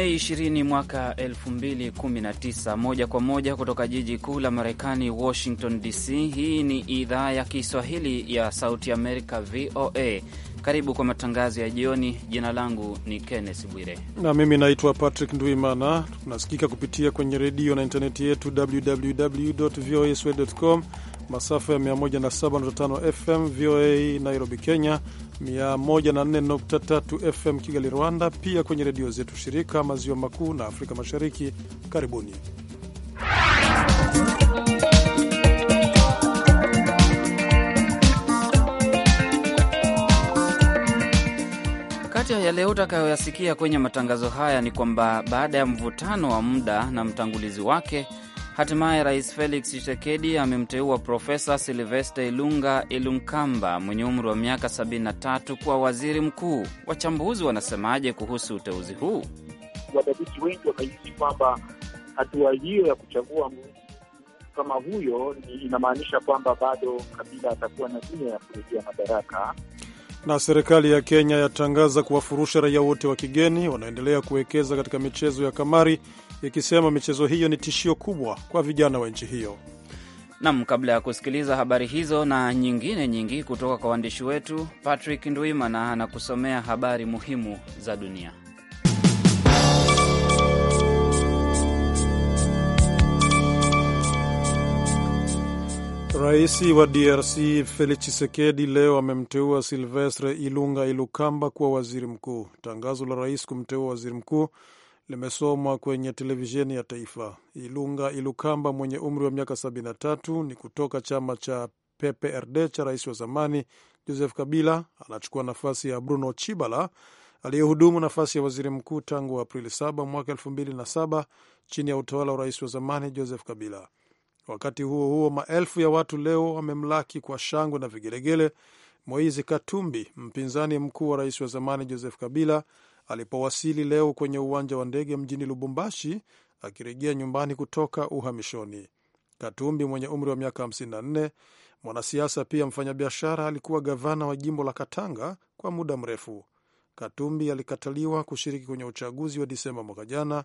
Mei 20 mwaka 2019, moja kwa moja kutoka jiji kuu la Marekani, Washington DC. Hii ni idhaa ya Kiswahili ya Sauti Amerika, VOA. Karibu kwa matangazo ya jioni. Jina langu ni Kenneth Bwire na mimi naitwa Patrick Nduimana. Tunasikika kupitia kwenye redio na intaneti yetu www voaswahili.com masafa ya 107.5 FM VOA Nairobi, Kenya, 104.3 FM Kigali, Rwanda, pia kwenye redio zetu shirika maziwa makuu na Afrika Mashariki. Karibuni. Kati ya leo utakayoyasikia kwenye matangazo haya ni kwamba baada ya mvutano wa muda na mtangulizi wake Hatimaye Rais Felix Tshisekedi amemteua Profesa Silvester Ilunga Ilunkamba mwenye umri wa miaka 73 kuwa waziri mkuu. Wachambuzi wanasemaje kuhusu uteuzi huu? Wadadisi wengi wanahisi kwamba hatua hiyo ya kuchagua kama huyo inamaanisha kwamba bado Kabila atakuwa na nia ya kurejea madaraka. Na serikali ya Kenya yatangaza kuwafurusha raia wote wa kigeni wanaendelea kuwekeza katika michezo ya kamari, ikisema michezo hiyo ni tishio kubwa kwa vijana wa nchi hiyo. Nam, kabla ya kusikiliza habari hizo na nyingine nyingi kutoka kwa waandishi wetu, Patrick Ndwimana anakusomea habari muhimu za dunia. Rais wa DRC Felix Tshisekedi leo amemteua Silvestre Ilunga Ilukamba kuwa waziri mkuu. Tangazo la rais kumteua waziri mkuu limesomwa kwenye televisheni ya taifa. Ilunga Ilukamba mwenye umri wa miaka 73 ni kutoka chama cha PPRD cha rais wa zamani Joseph Kabila. Anachukua nafasi ya Bruno Chibala aliyehudumu nafasi ya waziri mkuu tangu Aprili 7 mwaka 2007 chini ya utawala wa rais wa zamani Joseph Kabila. Wakati huo huo, maelfu ya watu leo wamemlaki kwa shangwe na vigelegele Moizi Katumbi, mpinzani mkuu wa rais wa zamani Joseph Kabila, alipowasili leo kwenye uwanja wa ndege mjini Lubumbashi akirejea nyumbani kutoka uhamishoni. Katumbi mwenye umri wa miaka 54, mwanasiasa pia mfanyabiashara, alikuwa gavana wa jimbo la Katanga kwa muda mrefu. Katumbi alikataliwa kushiriki kwenye uchaguzi wa Disemba mwaka jana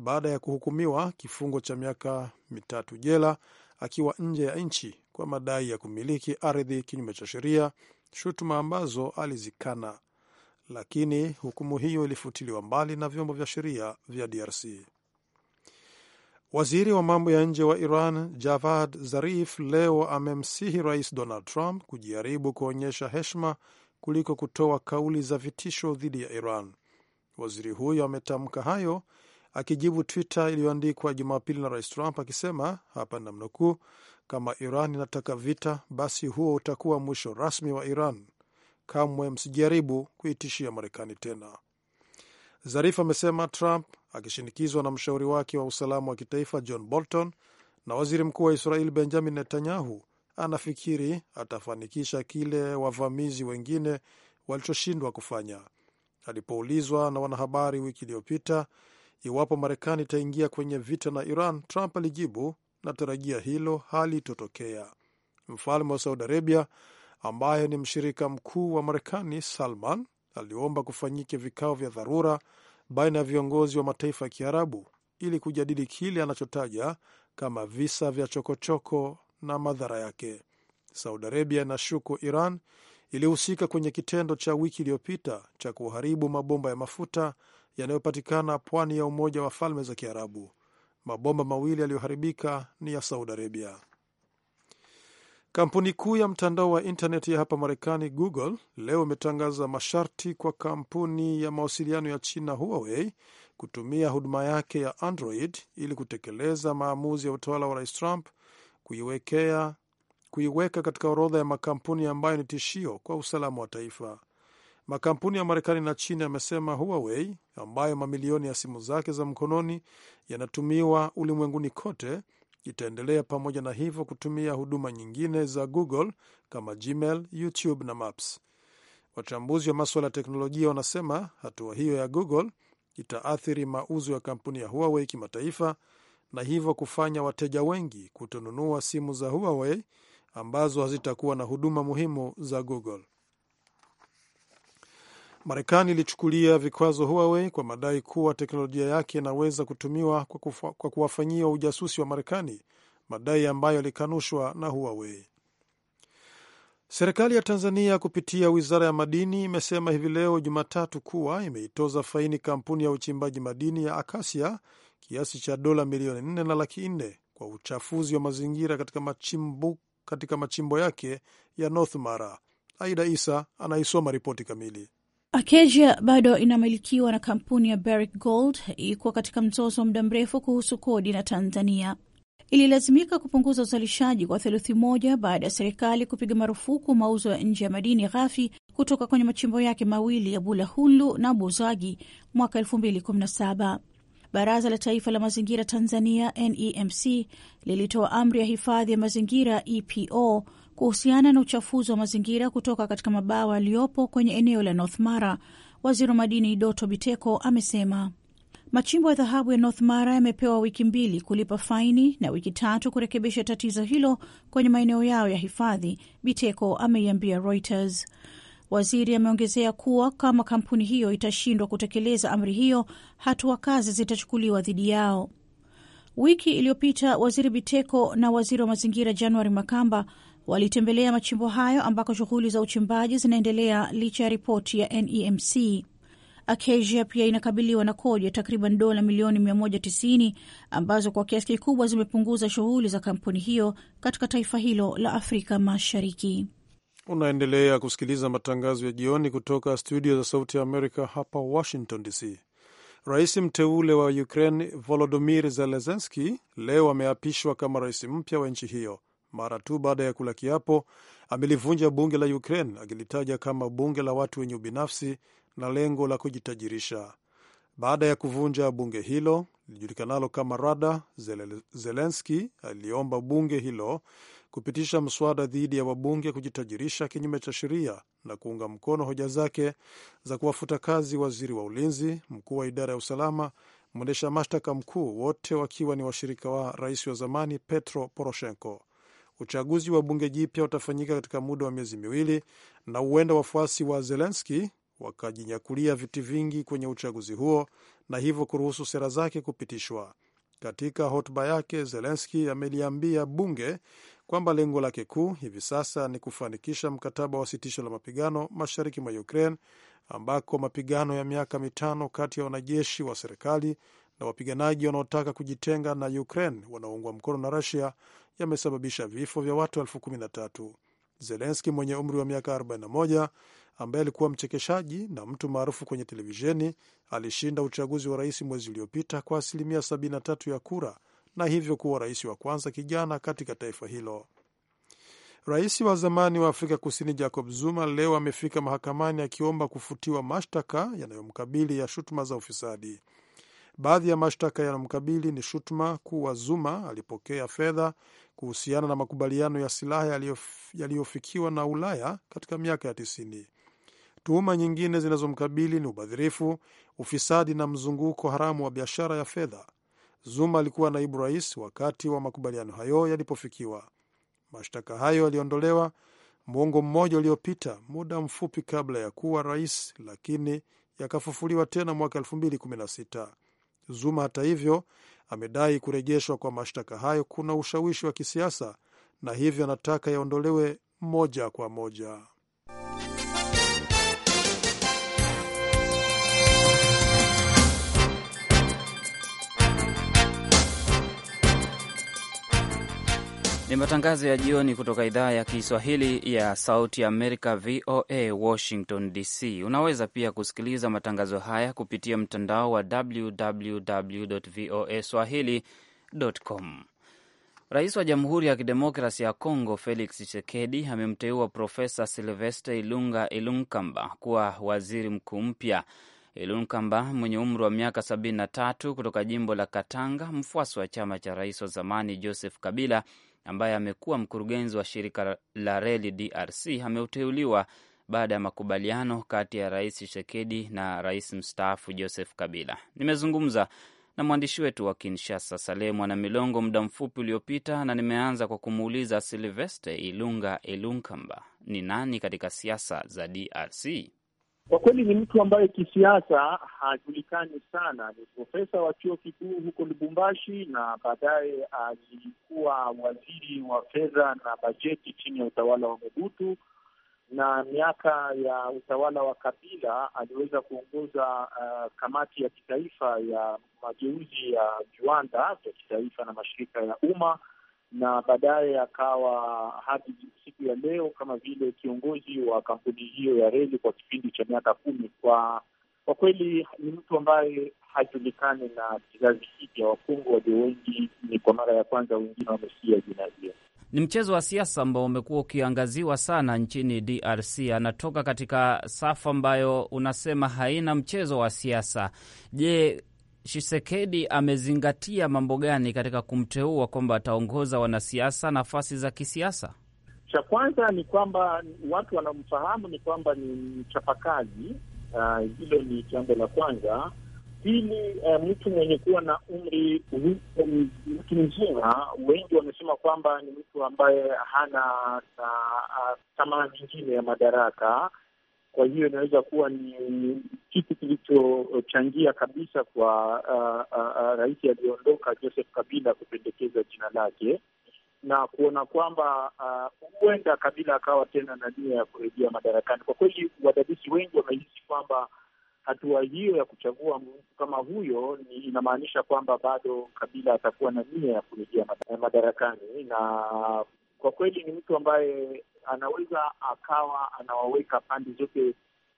baada ya kuhukumiwa kifungo cha miaka mitatu jela akiwa nje ya nchi kwa madai ya kumiliki ardhi kinyume cha sheria, shutuma ambazo alizikana, lakini hukumu hiyo ilifutiliwa mbali na vyombo vya sheria vya DRC. Waziri wa mambo ya nje wa Iran Javad Zarif leo amemsihi Rais Donald Trump kujaribu kuonyesha heshima kuliko kutoa kauli za vitisho dhidi ya Iran. Waziri huyo ametamka hayo akijibu Twitter iliyoandikwa Jumapili na Rais Trump akisema, hapa namnukuu, kama Iran inataka vita, basi huo utakuwa mwisho rasmi wa Iran. Kamwe msijaribu kuitishia Marekani tena. Zarif amesema Trump akishinikizwa na mshauri wake wa usalama wa kitaifa John Bolton na waziri mkuu wa Israel Benjamin Netanyahu anafikiri atafanikisha kile wavamizi wengine walichoshindwa kufanya. Alipoulizwa na wanahabari wiki iliyopita iwapo Marekani itaingia kwenye vita na Iran. Trump alijibu, natarajia hilo halitotokea. Mfalme wa Saudi Arabia ambaye ni mshirika mkuu wa Marekani, Salman aliomba kufanyike vikao vya dharura baina ya viongozi wa mataifa ya Kiarabu ili kujadili kile anachotaja kama visa vya chokochoko choko na madhara yake. Saudi Arabia inashuku Iran ilihusika kwenye kitendo cha wiki iliyopita cha kuharibu mabomba ya mafuta yanayopatikana pwani ya Umoja wa Falme za Kiarabu. Mabomba mawili yaliyoharibika ni ya Saudi Arabia. Kampuni kuu ya mtandao wa intaneti ya hapa Marekani, Google, leo imetangaza masharti kwa kampuni ya mawasiliano ya China Huawei kutumia huduma yake ya Android ili kutekeleza maamuzi ya utawala wa Rais Trump kuiwekea kuiweka katika orodha ya makampuni ambayo ni tishio kwa usalama wa taifa. Makampuni ya Marekani na China yamesema Huawei, ambayo mamilioni ya simu zake za mkononi yanatumiwa ulimwenguni kote, itaendelea pamoja na hivyo kutumia huduma nyingine za Google kama Gmail, YouTube na Maps. Wachambuzi wa maswala ya teknolojia wanasema hatua hiyo ya Google itaathiri mauzo ya kampuni ya Huawei kimataifa na hivyo kufanya wateja wengi kutonunua simu za Huawei ambazo hazitakuwa na huduma muhimu za Google. Marekani ilichukulia vikwazo Huawei kwa madai kuwa teknolojia yake inaweza kutumiwa kwa, kwa kuwafanyia ujasusi wa Marekani, madai ambayo yalikanushwa na Huawei. Serikali ya Tanzania kupitia wizara ya madini imesema hivi leo Jumatatu kuwa imeitoza faini kampuni ya uchimbaji madini ya Akasia kiasi cha dola milioni nne na laki nne kwa uchafuzi wa mazingira katika machimbo, katika machimbo yake ya North Mara. Aida Isa anaisoma ripoti kamili. Acacia bado inamilikiwa na kampuni ya Barrick Gold, ilikuwa katika mzozo wa muda mrefu kuhusu kodi na Tanzania. Ililazimika kupunguza uzalishaji kwa theluthi moja baada ya serikali kupiga marufuku mauzo ya nje ya madini ghafi kutoka kwenye machimbo yake mawili ya Bulahulu na Buzwagi mwaka 2017. Baraza la Taifa la Mazingira Tanzania, NEMC, lilitoa amri ya hifadhi ya mazingira EPO kuhusiana na uchafuzi wa mazingira kutoka katika mabawa yaliyopo kwenye eneo la North Mara, waziri wa madini Doto Biteko amesema machimbo ya dhahabu ya North Mara yamepewa wiki mbili kulipa faini na wiki tatu kurekebisha tatizo hilo kwenye maeneo yao ya hifadhi, Biteko ameiambia Reuters. Waziri ameongezea kuwa kama kampuni hiyo itashindwa kutekeleza amri hiyo, hatua kazi zitachukuliwa dhidi yao. Wiki iliyopita waziri Biteko na waziri wa mazingira January Makamba walitembelea machimbo hayo ambako shughuli za uchimbaji zinaendelea licha ya ripoti ya NEMC. Acacia pia inakabiliwa na kodi ya takriban dola milioni 190 ambazo kwa kiasi kikubwa zimepunguza shughuli za kampuni hiyo katika taifa hilo la Afrika Mashariki. Unaendelea kusikiliza matangazo ya jioni kutoka studio za Sauti ya Amerika hapa Washington DC. Rais mteule wa Ukraine Volodymyr Zelensky leo ameapishwa kama rais mpya wa nchi hiyo mara tu baada ya kula kiapo amelivunja bunge la Ukraine akilitaja kama bunge la watu wenye ubinafsi na lengo la kujitajirisha. Baada ya kuvunja bunge hilo lilijulikanalo kama Rada, Zelenski aliomba bunge hilo kupitisha mswada dhidi ya wabunge kujitajirisha kinyume cha sheria na kuunga mkono hoja zake za kuwafuta kazi waziri wa ulinzi, mkuu wa idara ya usalama, mwendesha mashtaka mkuu, wote wakiwa ni washirika wa rais wa zamani Petro Poroshenko. Uchaguzi wa bunge jipya utafanyika katika muda wa miezi miwili na huenda wafuasi wa Zelenski wakajinyakulia viti vingi kwenye uchaguzi huo na hivyo kuruhusu sera zake kupitishwa. Katika hotuba yake, Zelenski ameliambia bunge kwamba lengo lake kuu hivi sasa ni kufanikisha mkataba wa sitisho la mapigano mashariki mwa Ukraine, ambako mapigano ya miaka mitano kati ya wanajeshi wa serikali na wapiganaji wanaotaka kujitenga na Ukraine wanaoungwa mkono na Russia yamesababisha vifo vya watu elfu kumi na tatu. Zelenski mwenye umri wa miaka 41 ambaye alikuwa mchekeshaji na mtu maarufu kwenye televisheni alishinda uchaguzi wa rais mwezi uliopita kwa asilimia 73 ya kura na hivyo kuwa rais wa kwanza kijana katika taifa hilo. Rais wa zamani wa Afrika Kusini Jacob Zuma leo amefika mahakamani akiomba kufutiwa mashtaka yanayomkabili ya shutuma za ufisadi. Baadhi ya mashtaka yanamkabili ni shutuma kuwa Zuma alipokea fedha kuhusiana na makubaliano ya silaha yaliyofikiwa na Ulaya katika miaka ya tisini. Tuhuma nyingine zinazomkabili ni ubadhirifu, ufisadi na mzunguko haramu wa biashara ya fedha. Zuma alikuwa naibu rais wakati wa makubaliano hayo yalipofikiwa. Mashtaka hayo yaliondolewa mwongo mmoja uliopita, muda mfupi kabla ya kuwa rais, lakini yakafufuliwa tena mwaka 2016. Zuma hata hivyo amedai kurejeshwa kwa mashtaka hayo kuna ushawishi wa kisiasa na hivyo anataka yaondolewe moja kwa moja. Ni matangazo ya jioni kutoka idhaa ya Kiswahili ya Sauti Amerika, VOA Washington DC. Unaweza pia kusikiliza matangazo haya kupitia mtandao wa www voa swahili.com. Rais wa Jamhuri ya Kidemokrasi ya congo Felix Tshisekedi amemteua Profesa Silvestre Ilunga Ilunkamba kuwa waziri mkuu mpya. Ilunkamba mwenye umri wa miaka 73 kutoka jimbo la Katanga, mfuasi wa chama cha rais wa zamani Joseph Kabila ambaye amekuwa mkurugenzi wa shirika la reli DRC ameuteuliwa baada ya makubaliano kati ya Rais Tshisekedi na rais mstaafu Joseph Kabila. Nimezungumza na mwandishi wetu wa Kinshasa, Saleh milongo muda mfupi uliopita, na nimeanza kwa kumuuliza Silveste Ilunga Ilunkamba ni nani katika siasa za DRC? Kwa kweli ni mtu ambaye kisiasa hajulikani sana. Ni profesa wa chuo kikuu huko Lubumbashi, na baadaye alikuwa waziri wa fedha na bajeti chini ya utawala wa Mobutu, na miaka ya utawala wa Kabila aliweza kuongoza uh, kamati ya kitaifa ya mageuzi ya viwanda vya kitaifa na mashirika ya umma na baadaye akawa hadi siku ya leo kama vile kiongozi wa kampuni hiyo ya reli kwa kipindi cha miaka kumi. Kwa kwa kweli ni mtu ambaye hajulikani na kizazi kipya. Wakongo walio wengi ni kwa mara ya kwanza, wengine wamesikia jina hiyo. Ni mchezo wa siasa ambao umekuwa ukiangaziwa sana nchini DRC. Anatoka katika safu ambayo unasema haina mchezo wa siasa. Je, Shisekedi amezingatia mambo gani katika kumteua kwamba ataongoza wanasiasa nafasi za kisiasa? Cha kwanza ni kwamba watu wanamfahamu ni kwamba ni mchapakazi. Ah, hilo uh, ni jambo la kwanza. Pili, uh, mtu mwenye kuwa na umri mtu mzima, wengi wamesema kwamba ni mtu ambaye hana ah, ah, tamaa nyingine ya madaraka kwa hiyo inaweza kuwa ni kitu kilichochangia kabisa kwa raisi uh, uh, uh, rais aliyoondoka Joseph Kabila kupendekeza jina lake na kuona kwamba huenda uh, Kabila akawa tena na nia ya kurejea madarakani. Kwa kweli, wadadisi wengi wamehisi kwamba hatua hiyo ya kuchagua mtu kama huyo ni inamaanisha kwamba bado Kabila atakuwa na nia ya kurejea madarakani, na kwa kweli ni mtu ambaye anaweza akawa anawaweka pande zote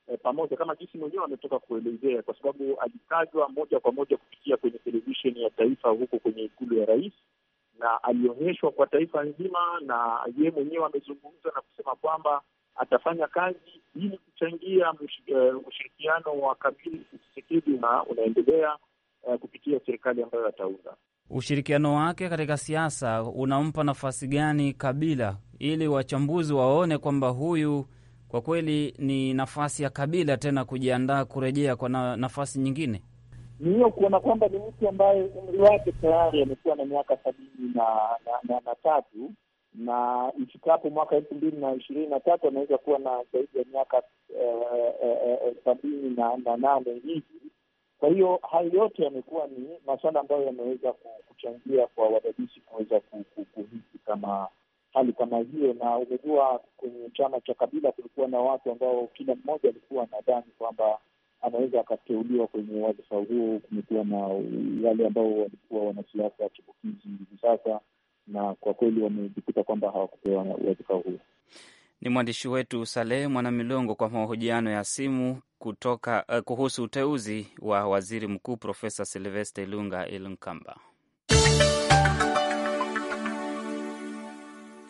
eh, pamoja kama jinsi mwenyewe ametoka kuelezea, kwa sababu alitajwa moja kwa moja kupitia kwenye televisheni ya taifa huko kwenye ikulu ya rais, na alionyeshwa kwa taifa nzima, na ye mwenyewe amezungumza na kusema kwamba atafanya kazi ili kuchangia eh, ushirikiano wa kabili Tshisekedi na unaendelea uh, kupitia serikali ambayo ataunda ushirikiano wake katika siasa unampa nafasi gani Kabila ili wachambuzi waone kwamba huyu kwa kweli ni nafasi ya Kabila tena kujiandaa kurejea kwa na, nafasi nyingine? Ni hiyo kuona kwamba ni mtu ambaye umri wake tayari amekuwa na miaka sabini na, na, na, na tatu na ifikapo mwaka elfu mbili na ishirini na tatu anaweza kuwa na zaidi ya miaka eh, eh, eh, sabini na nane hivi kwa hiyo hayo yote yamekuwa ni masuala ambayo yameweza kuchangia kwa wadadisi kuweza kuhisi kama hali kama hiyo. Na umejua kwenye chama cha Kabila kulikuwa na watu ambao kila mmoja alikuwa nadhani kwamba anaweza akateuliwa kwenye wadhifa huo. Kumekuwa na wale ambao walikuwa wanasiasa chipukizi hivi sasa, na kwa kweli wamejikuta kwamba hawakupewa wadhifa huo. Ni mwandishi wetu Salehe Mwanamilongo kwa mahojiano ya simu kutoka uh, kuhusu uteuzi wa waziri mkuu Profesa Silvester Ilunga Ilunkamba.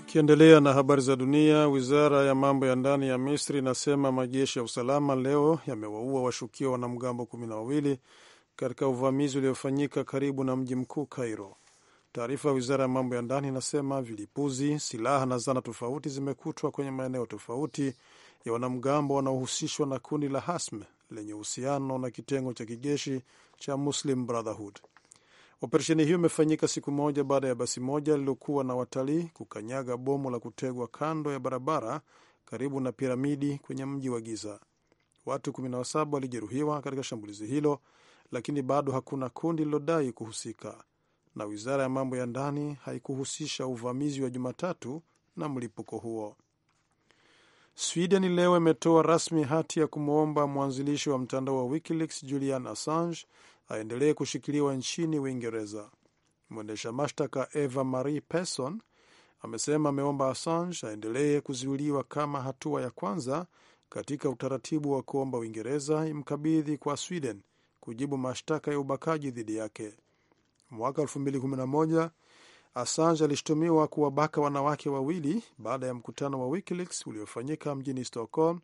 Ikiendelea na habari za dunia, wizara ya mambo ya ndani ya Misri inasema majeshi ya usalama leo yamewaua washukiwa wanamgambo kumi na wawili katika uvamizi uliofanyika karibu na mji mkuu Cairo. Taarifa ya wizara ya mambo ya ndani inasema vilipuzi, silaha na zana tofauti zimekutwa kwenye maeneo tofauti ya wanamgambo wanaohusishwa na kundi la Hasm lenye uhusiano na kitengo cha kijeshi cha Muslim Brotherhood. Operesheni hiyo imefanyika siku moja baada ya basi moja lililokuwa na watalii kukanyaga bomu la kutegwa kando ya barabara karibu na piramidi kwenye mji wa Giza. Watu 17 walijeruhiwa katika shambulizi hilo, lakini bado hakuna kundi lilodai kuhusika, na wizara ya mambo ya ndani haikuhusisha uvamizi wa Jumatatu na mlipuko huo. Sweden leo imetoa rasmi hati ya kumwomba mwanzilishi wa mtandao wa WikiLeaks Julian Assange aendelee kushikiliwa nchini Uingereza. Mwendesha mashtaka Eva Marie Persson amesema ameomba Assange aendelee kuzuiliwa kama hatua ya kwanza katika utaratibu wa kuomba Uingereza imkabidhi kwa Sweden kujibu mashtaka ya ubakaji dhidi yake. Mwaka Assange alishutumiwa kuwabaka wanawake wawili baada ya mkutano wa WikiLeaks uliofanyika mjini Stockholm,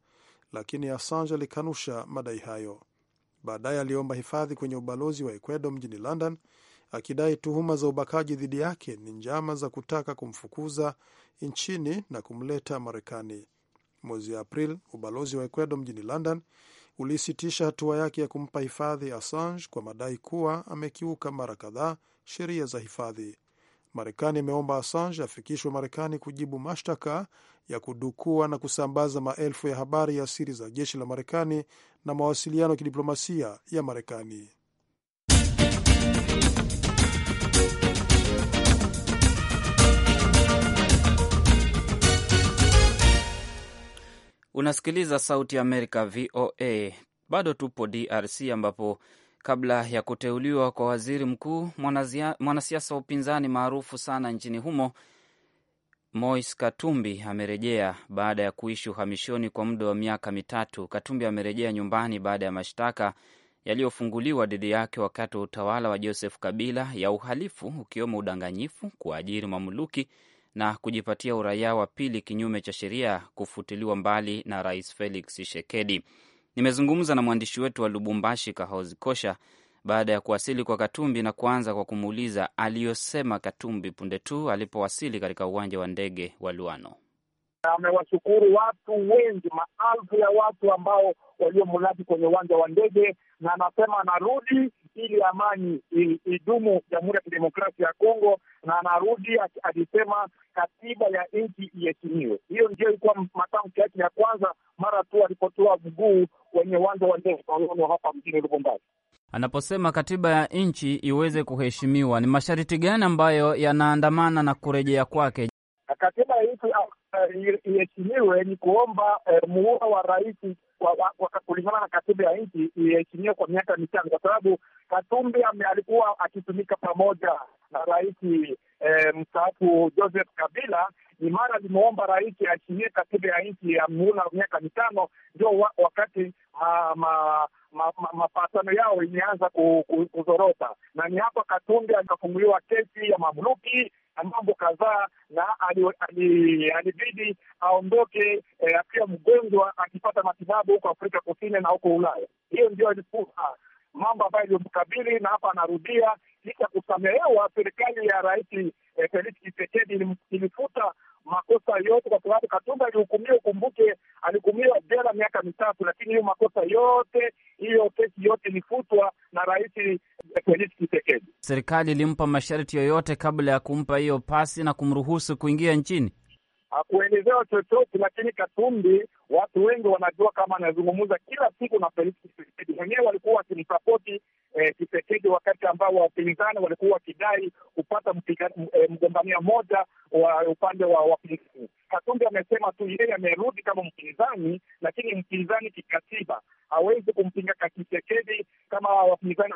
lakini Assange alikanusha madai hayo. Baadaye aliomba hifadhi kwenye ubalozi wa Ecuador mjini London akidai tuhuma za ubakaji dhidi yake ni njama za kutaka kumfukuza nchini na kumleta Marekani. Mwezi april ubalozi wa Ecuador mjini London ulisitisha hatua yake ya kumpa hifadhi Assange kwa madai kuwa amekiuka mara kadhaa sheria za hifadhi. Marekani imeomba Assange afikishwe Marekani kujibu mashtaka ya kudukua na kusambaza maelfu ya habari ya siri za jeshi la Marekani na mawasiliano ya kidiplomasia ya Marekani. Unasikiliza Sauti ya Amerika, VOA. Bado tupo DRC ambapo Kabla ya kuteuliwa kwa waziri mkuu, mwanasiasa wa upinzani maarufu sana nchini humo Moise Katumbi amerejea baada ya kuishi uhamishoni kwa muda wa miaka mitatu. Katumbi amerejea nyumbani baada ya mashtaka yaliyofunguliwa dhidi yake wakati wa utawala wa Joseph Kabila ya uhalifu ukiwemo udanganyifu, kuajiri mamluki na kujipatia uraia wa pili kinyume cha sheria, kufutiliwa mbali na Rais Felix Tshisekedi. Nimezungumza na mwandishi wetu wa Lubumbashi, Kahozi Kosha, baada ya kuwasili kwa Katumbi na kuanza kwa kumuuliza aliyosema Katumbi punde tu alipowasili katika uwanja wa ndege wa Luano. Amewashukuru watu wengi, maelfu ya watu ambao waliomlaki kwenye uwanja wa ndege, na anasema anarudi ili amani idumu Jamhuri ya Kidemokrasia ya Kongo, na anarudi akisema katiba ya nchi iheshimiwe. Hiyo ndio ilikuwa matamshi yake ya kwanza mara tu alipotoa mguu kwenye uwanja wa ndege Kololo hapa mjini Lubumbashi. Anaposema katiba ya nchi iweze kuheshimiwa, ni masharti gani ambayo yanaandamana na kurejea kwake katiba ya nchi? Eh, iheshimiwe ni kuomba eh, muhula wa rais kulingana na katiba ya nchi iheshimiwe kwa miaka mitano, kwa sababu Katumbi alikuwa akitumika pamoja na rais eh, mstaafu Joseph Kabila. Ni mara limeomba rais aheshimie katiba ya nchi ya muhula wa miaka mitano, ndio wa, wakati ma, mapatano ma, ma yao imeanza kuzorota, na ni hapa Katumbi akafunguliwa kesi ya mamluki mambo kadhaa, na alibidi aondoke eh, akiwa mgonjwa, akipata matibabu huko Afrika Kusini na huko Ulaya. Hiyo ndio ilikuwa ah, mambo ambayo iliyomkabili na hapa anarudia licha kusamehewa. Serikali ya Rais eh, Felix Tshisekedi ilifuta makosa yote kwa sababu Katumba alihukumiwa, ukumbuke, alihukumiwa jela miaka mitatu, lakini hiyo makosa yote, hiyo kesi yote ilifutwa na rais kwenye siku Serikali ilimpa masharti yoyote kabla ya kumpa hiyo pasi na kumruhusu kuingia nchini? Hakuelezewa chochote, lakini Katumbi watu wengi wanajua kama anazungumza kila siku na Felix Tshisekedi. Mwenyewe walikuwa wakimsapoti eh, wakati ambao wapinzani walikuwa wakidai kupata eh, mgombania moja wa upande wa wapinzani. Katumbi amesema tu yeye amerudi kama mpinzani, lakini mpinzani kikatiba hawezi kumpinga Tshisekedi kama wapinzani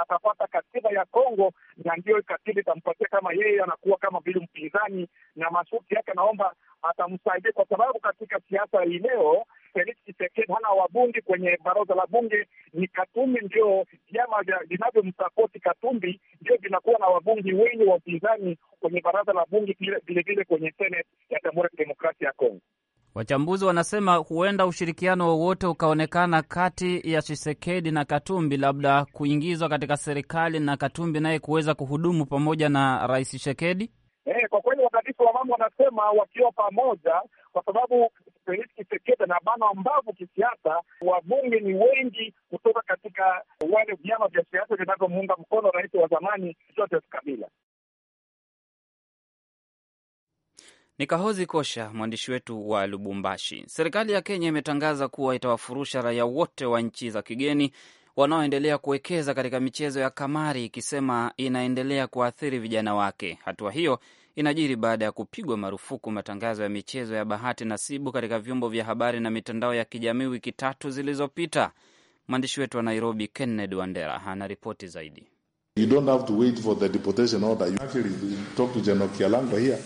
atapata katiba ya Kongo na ndiyo katiba itampatia kama yeye anakuwa kama vile mpinzani, na masharti yake anaomba atamsaidia, kwa sababu katika siasa hii leo Felix Tshisekedi hana wabunge kwenye baraza la bunge. Ni Katumbi ndio vyama vinavyomsapoti Katumbi ndio vinakuwa na wabunge wengi wa upinzani kwenye baraza la bunge, vilevile kwenye seneti ya Jamhuri ya Kidemokrasia ya Kongo. Wachambuzi wanasema huenda ushirikiano wowote ukaonekana kati ya chisekedi na Katumbi, labda kuingizwa katika serikali na Katumbi naye kuweza kuhudumu pamoja na Rais shekedi Eh, kwa kweli wadadisi wa mambo wanasema wakiwa pamoja, kwa sababu Felix na bano ambavyo kisiasa, wabunge ni wengi kutoka katika wale vyama vya siasa vinavyomuunga mkono rais wa zamani Joseph Kabila. Ni Kahozi Kosha, mwandishi wetu wa Lubumbashi. Serikali ya Kenya imetangaza kuwa itawafurusha raia wote wa nchi za kigeni wanaoendelea kuwekeza katika michezo ya kamari, ikisema inaendelea kuathiri vijana wake. Hatua hiyo inajiri baada ya kupigwa marufuku matangazo ya michezo ya bahati nasibu katika vyombo vya habari na mitandao ya kijamii wiki tatu zilizopita. Mwandishi wetu wa Nairobi, Kenneth Wandera, ana ripoti zaidi. You don't have to wait for the deportation order. You actually talk to General Kialango here.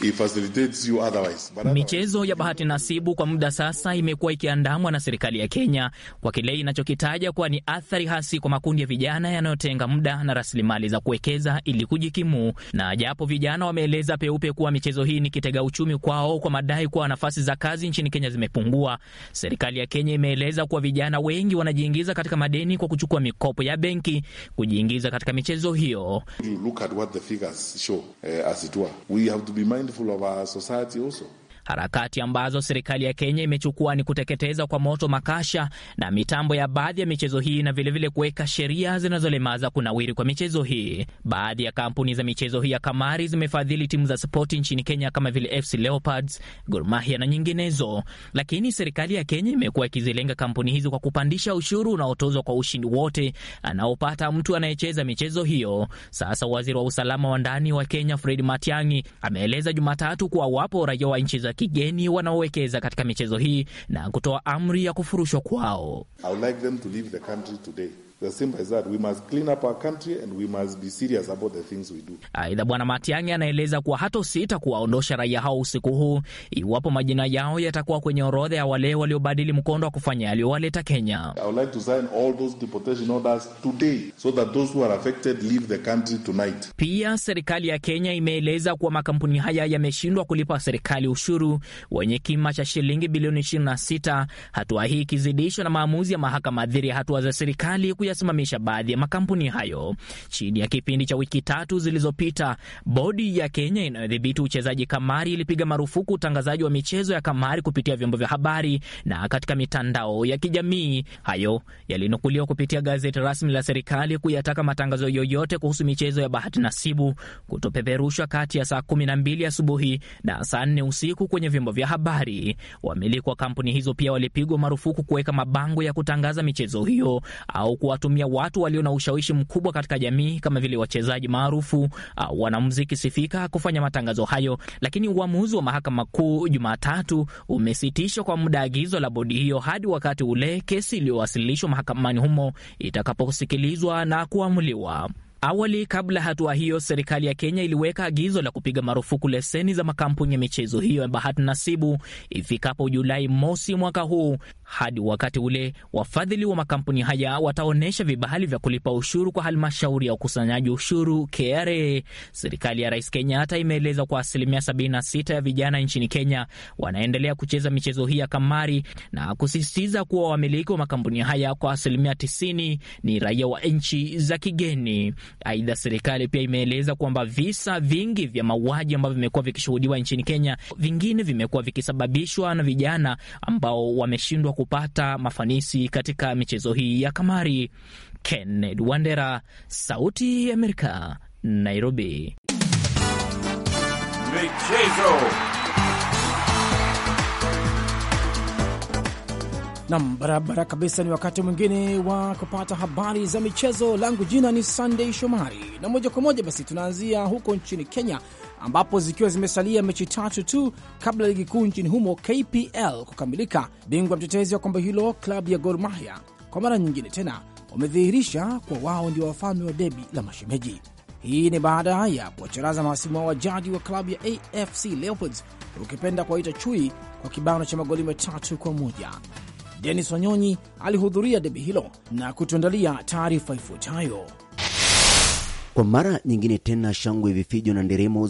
He facilitates you otherwise. But Michezo ya bahati nasibu kwa muda sasa imekuwa ikiandamwa na serikali ya Kenya kwa kile inachokitaja kuwa ni athari hasi kwa makundi ya vijana yanayotenga muda na rasilimali za kuwekeza ili kujikimu. Na japo vijana wameeleza peupe kuwa michezo hii ni kitega uchumi kwao kwa madai kuwa nafasi za kazi nchini Kenya zimepungua, serikali ya Kenya imeeleza kuwa vijana wengi wanajiingiza katika madeni kwa kuchukua mikopo ya benki kujiingiza kucheza katika michezo hiyo. look at what the figures show, uh, as it were. We have to be mindful of our society also. Harakati ambazo serikali ya Kenya imechukua ni kuteketeza kwa moto makasha na mitambo ya baadhi ya michezo hii na vilevile kuweka sheria zinazolemaza kunawiri kwa michezo hii. Baadhi ya kampuni za michezo hii ya kamari zimefadhili timu za spoti nchini Kenya kama vile FC Leopards, Gor Mahia na nyinginezo, lakini serikali ya Kenya imekuwa ikizilenga kampuni hizo kwa kupandisha ushuru unaotozwa kwa ushindi wote anaopata mtu anayecheza michezo hiyo. Sasa waziri wa usalama wa ndani wa Kenya Fred Matiang'i ameeleza Jumatatu kuwa wapo raia wa nchi za kigeni wanaowekeza katika michezo hii na kutoa amri ya kufurushwa kwao. I would like them to leave the country today. The simple is that we must clean up our country and we must be serious about the things we do. Aidha, Bwana Matiang'i anaeleza kuwa hata usita kuwaondosha raia hao usiku huu iwapo majina yao yatakuwa kwenye orodha ya wale waliobadili mkondo wa kufanya yaliyowaleta Kenya. I would like to sign all those deportation orders today so that those who are affected leave the country tonight. Pia serikali ya Kenya imeeleza kuwa makampuni haya yameshindwa kulipa serikali ushuru wenye kima cha shilingi bilioni 26, hatua hii ikizidishwa na maamuzi ya mahakama dhiri ya hatua za serikali kuyasimamisha baadhi ya makampuni hayo. Chini ya kipindi cha wiki tatu zilizopita, bodi ya Kenya inayodhibiti uchezaji kamari ilipiga marufuku utangazaji wa michezo ya kamari kupitia vyombo vya habari na katika mitandao ya kijamii. Hayo yalinukuliwa kupitia gazeti rasmi la serikali kuyataka matangazo yoyote kuhusu michezo ya bahati nasibu kutopeperushwa kati ya saa kumi na mbili asubuhi na saa nne usiku kwenye vyombo vya habari. Wamiliki wa kampuni hizo pia walipigwa marufuku kuweka mabango ya kutangaza michezo hiyo au kuwa kuwatumia watu walio na ushawishi mkubwa katika jamii kama vile wachezaji maarufu, uh, wanamuziki sifika kufanya matangazo hayo, lakini uamuzi wa mahakama kuu Jumatatu umesitishwa kwa muda agizo la bodi hiyo hadi wakati ule kesi iliyowasilishwa mahakamani humo itakaposikilizwa na kuamuliwa. Awali, kabla hatua hiyo, serikali ya Kenya iliweka agizo la kupiga marufuku leseni za makampuni ya michezo hiyo ya bahati nasibu ifikapo Julai mosi mwaka huu. Hadi wakati ule, wafadhili wa makampuni haya wataonyesha vibali vya kulipa ushuru kwa halmashauri ya ukusanyaji ushuru KRA. Serikali ya Rais Kenyatta imeeleza kwa asilimia 76 ya vijana nchini Kenya wanaendelea kucheza michezo hii ya kamari na kusisitiza kuwa wamiliki wa makampuni haya kwa asilimia 90 ni raia wa nchi za kigeni. Aidha, serikali pia imeeleza kwamba visa vingi vya mauaji ambavyo vimekuwa vikishuhudiwa nchini Kenya, vingine vimekuwa vikisababishwa na vijana ambao wameshindwa kupata mafanisi katika michezo hii ya kamari. kenned Wandera, Sauti ya Amerika, Nairobi. Michezo. Nam, barabara kabisa. Ni wakati mwingine wa kupata habari za michezo. Langu jina ni Sunday Shomari, na moja kwa moja basi tunaanzia huko nchini Kenya, ambapo zikiwa zimesalia mechi tatu tu kabla ya ligi kuu nchini humo KPL kukamilika, bingwa mtetezi wa kombe hilo klabu ya Gor Mahia kwa mara nyingine tena wamedhihirisha kuwa wao ndio wafalme wa debi la mashemeji. Hii ni baada ya kuwacharaza mahasimu wao wa jadi wa klabu ya AFC Leopards, ukipenda kuwaita chui, kwa kibano cha magoli matatu kwa moja. Denis Wanyonyi alihudhuria debi hilo na kutuandalia taarifa ifuatayo. Kwa mara nyingine tena, shangwe, vifijo na nderemo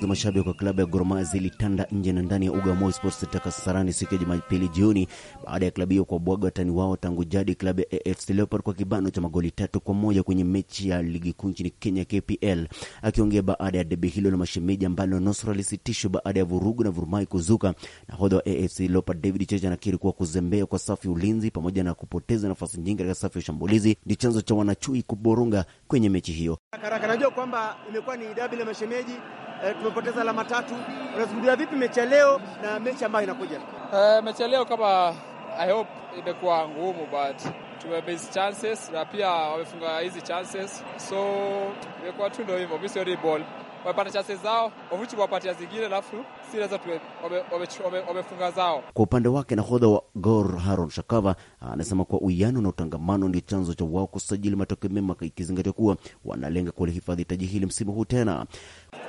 za mashabiki wa klabu ya Gor Mahia zilitanda nje na ndani ya uga wa Moi Sports Center Kasarani siku ya Jumapili jioni baada ya klabu hiyo kuwabwaga watani wao tangu jadi klabu ya AFC Leopards kwa kibano cha magoli tatu kwa moja kwenye mechi ya ligi kuu nchini Kenya KPL. Akiongea baada ya debi hilo la mashemeji ambalo nusra lisitishwa baada ya vurugu na vurumai kuzuka, nahodha wa AFC Leopards David Cheche anakiri kuwa kuzembea kwa safu ya ulinzi pamoja na kupoteza nafasi nyingi katika safu ya ushambulizi ni chanzo cha wanachui kuboronga kwenye mechi hiyo. Karaka, najua kwamba imekuwa ni dabi la mashemeji eh, tumepoteza alama tatu. Unazungumzia vipi mechi ya leo na mechi ambayo inakuja? Uh, mechi ya leo kama I hope imekuwa ngumu but tumebase chances na pia wamefunga hizi chances so imekuwa tu ndio hivyo, mi sioni ball wamepata zao, wavuchi wapatia zingine, alafu wamefunga zao. Kwa upande wake, nahodha wa Gor Haron Shakava anasema kuwa uwiano na utangamano ndio chanzo cha wao kusajili matokeo mema, ikizingatia kuwa wanalenga kulihifadhi taji hili msimu huu tena.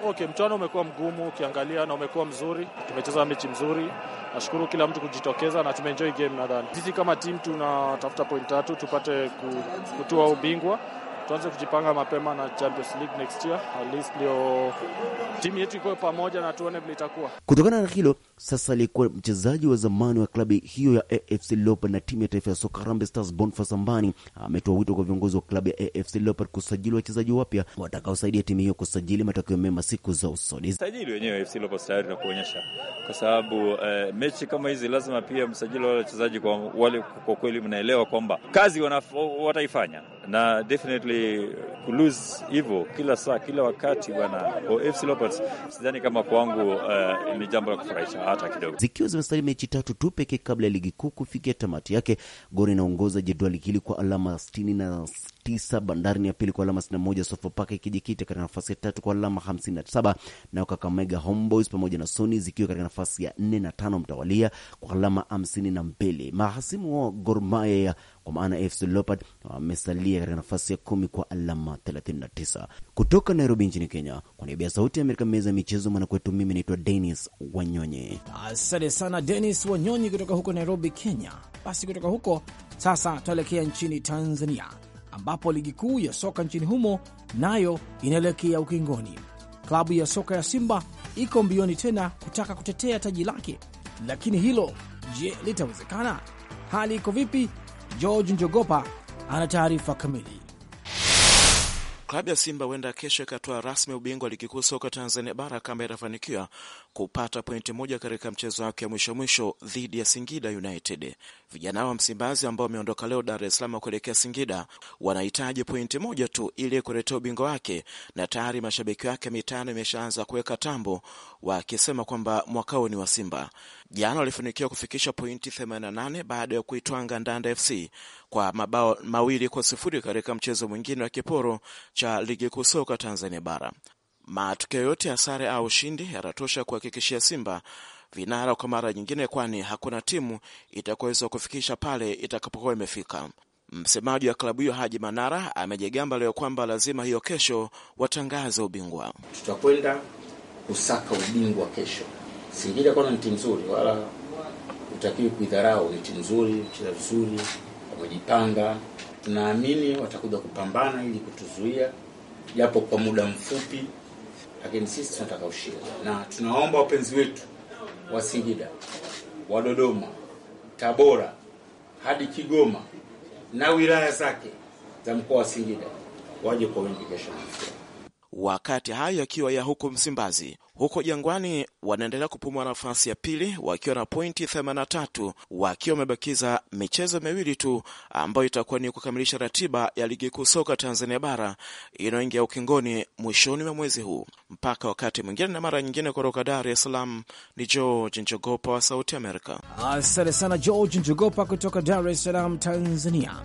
Okay, mchuano umekuwa mgumu ukiangalia, na umekuwa mzuri, tumecheza mechi mzuri. Nashukuru kila mtu kujitokeza na tumeenjoy game. Nadhani sisi kama timu tunatafuta point tatu tupate kutua ubingwa tuanze kujipanga mapema na Champions League next year, at least ndio timu yetu iko pamoja na tuone vile itakuwa. Kutokana na hilo sasa, alikuwa mchezaji wa zamani wa klabu hiyo ya AFC Leopards na timu ya taifa ya soka Harambee Stars Boniface Ambani ametoa wito kwa viongozi wa klabu ya AFC Leopards kusajili wachezaji wapya watakaosaidia timu hiyo kusajili matokeo mema siku za usoni. Sajili wenyewe AFC Leopards tayari na kuonyesha, kwa sababu eh, mechi kama hizi lazima pia msajili wale wachezaji kwa wale, kwa kweli mnaelewa kwamba kazi wataifanya na definitely kulose hivyo kila saa kila wakati bwana kwa FC Leopards, sidhani kama kwangu uh, ni jambo la kufurahisha hata kidogo. Zikiwa zimesalia mechi tatu tu pekee kabla ya ligi kuu kufikia tamati yake, Gor inaongoza jedwali hili kwa alama sitini na tisa, Bandari ni ya pili kwa alama moja, Sofapaka ikijikita katika nafasi ya tatu kwa alama hamsini na saba, nao Kakamega Homeboys pamoja na Sony zikiwa katika nafasi ya nne na tano mtawalia kwa alama hamsini na mbili. Mahasimu wa Gor Mahia kwa maana AFC Leopards wamesalia katika nafasi ya kumi kwa alama 39. Kutoka Nairobi nchini Kenya, kwa niaba ya Sauti ya Amerika, meza ya michezo mwanakwetu, mimi naitwa Denis Wanyonyi. Asante sana Denis Wanyonyi kutoka huko Nairobi, Kenya. Basi kutoka huko sasa tunaelekea nchini Tanzania ambapo ligi kuu ya soka nchini humo nayo inaelekea ukingoni. Klabu ya soka ya Simba iko mbioni tena kutaka kutetea taji lake, lakini hilo je, litawezekana? Hali iko vipi? George Njogopa ana taarifa kamili. Klabu ya Simba huenda kesho ikatoa rasmi ubingwa ligi kuu soka Tanzania bara kama itafanikiwa kupata pointi moja katika mchezo wake wa mwisho mwisho dhidi ya Singida United. Vijana wa Msimbazi ambao wameondoka leo Dar es Salaam kuelekea Singida wanahitaji pointi moja tu ili kuletea ubingwa wake, na tayari mashabiki wake mitano imeshaanza kuweka tambo wakisema kwamba mwaka huu ni wa Simba. Jana walifanikiwa kufikisha pointi 88 baada ya kuitwanga Ndanda FC kwa mabao mawili kwa sifuri katika mchezo mwingine wa kiporo cha ligi kuu soka Tanzania Bara. Matokeo yote ya sare au ushindi yatatosha kuhakikishia Simba vinara kwa mara nyingine, kwani hakuna timu itakuweza kufikisha pale itakapokuwa imefika. Msemaji wa klabu hiyo Haji Manara amejigamba leo kwamba lazima hiyo kesho watangaze ubingwa. Tutakwenda kusaka ubingwa kesho. Singida kwana ni timu nzuri, wala utakiwi kuidharau. Ni timu nzuri, cheza vizuri, wamejipanga. Tunaamini watakuja kupambana ili kutuzuia japo kwa muda mfupi lakini sisi tunataka ushindi, na tunawaomba wapenzi wetu wa Singida, wa Dodoma, Tabora hadi Kigoma na wilaya zake za mkoa wa Singida waje kwa wingi kesho wakati hayo yakiwa ya huku Msimbazi. Huko Jangwani wanaendelea kupumua nafasi ya pili wakiwa na pointi 83 wakiwa wamebakiza michezo miwili tu ambayo itakuwa ni kukamilisha ratiba ya ligi kuu soka Tanzania bara inayoingia ukingoni mwishoni mwa mwezi huu. Mpaka wakati mwingine na mara nyingine, kutoka Dar es Salaam ni George Njogopa wa Sauti Amerika. Asante sana George Njogopa kutoka Dar es Salaam, Tanzania.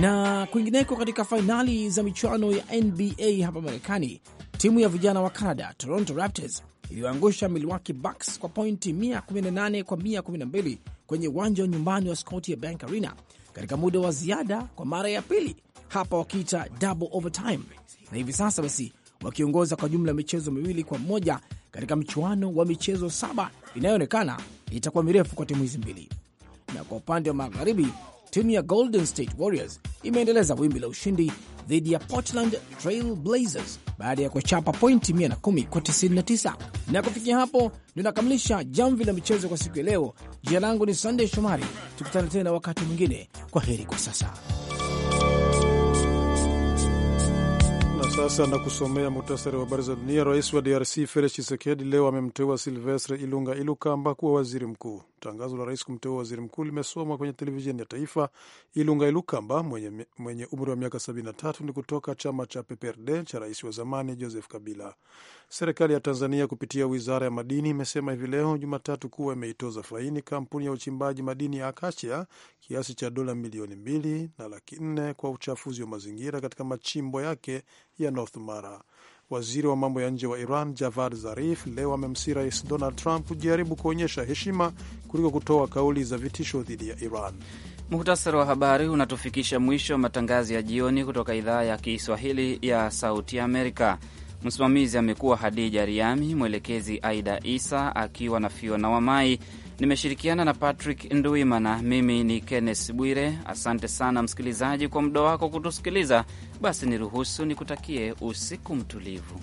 Na kwingineko katika fainali za michuano ya NBA hapa Marekani, timu ya vijana wa Canada Toronto Raptors iliyoangusha Milwaukee Bucks kwa pointi 118 kwa 112 kwenye uwanja wa nyumbani wa bank Arena katika muda wa ziada kwa mara ya pili, hapa wakiita double overtime, na hivi sasa basi wakiongoza kwa jumla ya michezo miwili kwa mmoja katika mchuano wa michezo saba inayoonekana itakuwa mirefu kwa timu hizi mbili. Na kwa upande wa magharibi timu ya Golden State Warriors imeendeleza wimbi la ushindi dhidi ya Portland Trail Blazers baada ya kuchapa pointi 110 kwa 99. Na kufikia hapo ninakamilisha jamvi la michezo kwa siku ya leo. Jina langu ni Sunday Shomari, tukutane tena wakati mwingine. Kwa heri kwa sasa. Sasa na kusomea muhtasari wa habari za dunia. Rais wa DRC Felix Tshisekedi leo amemteua Silvestre Ilunga Ilukamba kuwa waziri mkuu. Tangazo la rais kumteua waziri mkuu limesomwa kwenye televisheni ya taifa. Ilunga Ilukamba mwenye, mwenye umri wa miaka 73 ni kutoka chama cha PPRD cha rais wa zamani Joseph Kabila. Serikali ya Tanzania kupitia wizara ya madini imesema hivi leo Jumatatu kuwa imeitoza faini kampuni ya uchimbaji madini ya Akasia kiasi cha dola milioni mbili na laki nne kwa uchafuzi wa mazingira katika machimbo yake ya North Mara. Waziri wa mambo ya nje wa Iran Javad Zarif leo amemsi Rais Donald Trump kujaribu kuonyesha heshima kuliko kutoa kauli za vitisho dhidi ya Iran. Muhtasari wa habari unatufikisha mwisho wa matangazo ya jioni kutoka idhaa ya Kiswahili ya Sauti Amerika. Msimamizi amekuwa Hadija Riami, mwelekezi Aida Isa akiwa na Fiona Wamai. Nimeshirikiana na Patrick Nduimana. Mimi ni Kenneth Bwire. Asante sana msikilizaji kwa muda wako kutusikiliza. Basi niruhusu nikutakie usiku mtulivu.